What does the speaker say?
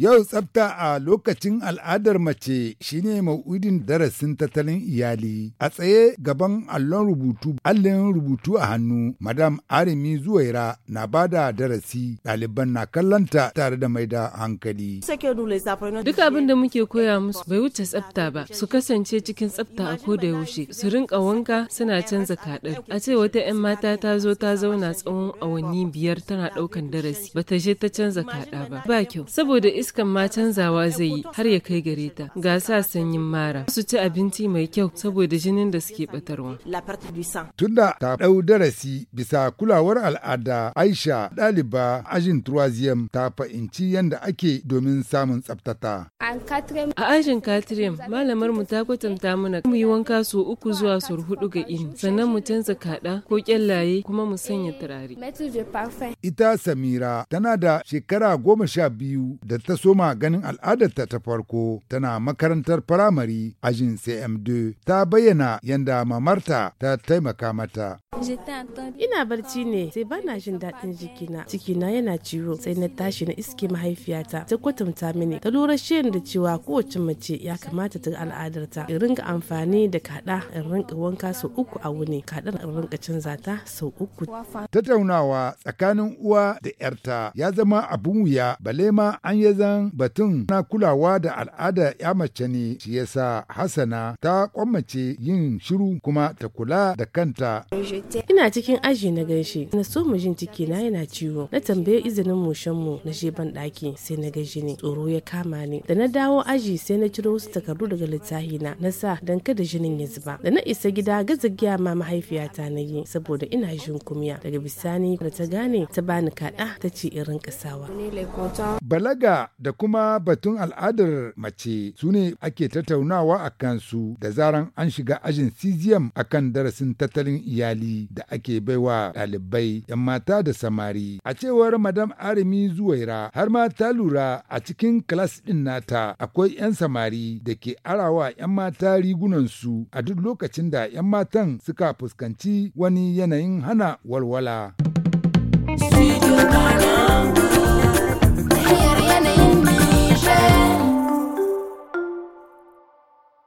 Yau tsafta a lokacin al'adar mace shine ma'udin darasin tattalin iyali a tsaye gaban allon rubutu allon rubutu a hannu madam arimi zuwaira na ba da darasi ɗaliban na kallanta tare da mai da hankali. Duk abin da muke koya musu bai wuce tsafta ba su kasance cikin tsafta a ko da yaushe su rinka wanka suna canza kaɗar a ce wata 'yan mata ta zo ta zauna tsawon awanni biyar tana ɗaukan darasi bata je ta canza kaɗa ba ba kyau saboda iska iskan ma canzawa zai yi har ya kai gare ta ga sa sanyin mara su ci abinci mai kyau saboda jinin da suke batarwa tunda ta ɗau darasi bisa kulawar al'ada aisha ɗaliba ajin turwaziyam ta fahimci yadda ake domin samun tsaftata a ajin katrim malamar mu ta kwatanta mana mu yi wanka so uku zuwa sau hudu ga ini sannan mu canza kaɗa ko kyallaye kuma mu sanya turare ita samira tana da shekara goma sha biyu da ta soma ganin al'adarta ta farko tana makarantar firamare ajin CM2 ta bayyana yadda mamarta ta taimaka mata. Ina barci ne sai ba na jin daɗin jikina. Cikina yana ciwo sai na tashi na iske mahaifiyata ta kwatanta mini ta lura shirin da cewa kowace mace ya kamata ta al'adarta in rinka amfani da kaɗa in rinka wanka sau uku a wuni kaɗar in rinka canza ta sau uku. Tattaunawa tsakanin uwa da 'yarta ya zama abun wuya bale ma an yi zan batun na kulawa da al'ada ya mace ne shi yasa Hassana ta kwamace yin shiru kuma ta kula da kanta. ina cikin aji na gaishe na so mu jin ciki na yana ciwo na tambaye izinin mushen mu na je ban daki sai na ga jini tsoro ya kama ni da na dawo aji sai na ciro wasu takardu daga littafi na na sa dan kada jinin ya zuba da na isa gida gazagiya ma mahaifiyata na yi saboda ina jin kumya daga bisani da ta gane ta bani kaɗa ta ce irin kasawa balaga da kuma batun al'adar mace su ne ake tattaunawa a kansu da zaran an shiga ajin cgm akan darasin tattalin iyali da ake baiwa ɗalibai 'yan mata da samari. A cewar Madam Arimi Zuwaira har ma ta lura a cikin kilas ɗin nata akwai 'yan samari da ke arawa 'yan mata rigunansu a duk lokacin da 'yan matan suka fuskanci wani yanayin hana walwala.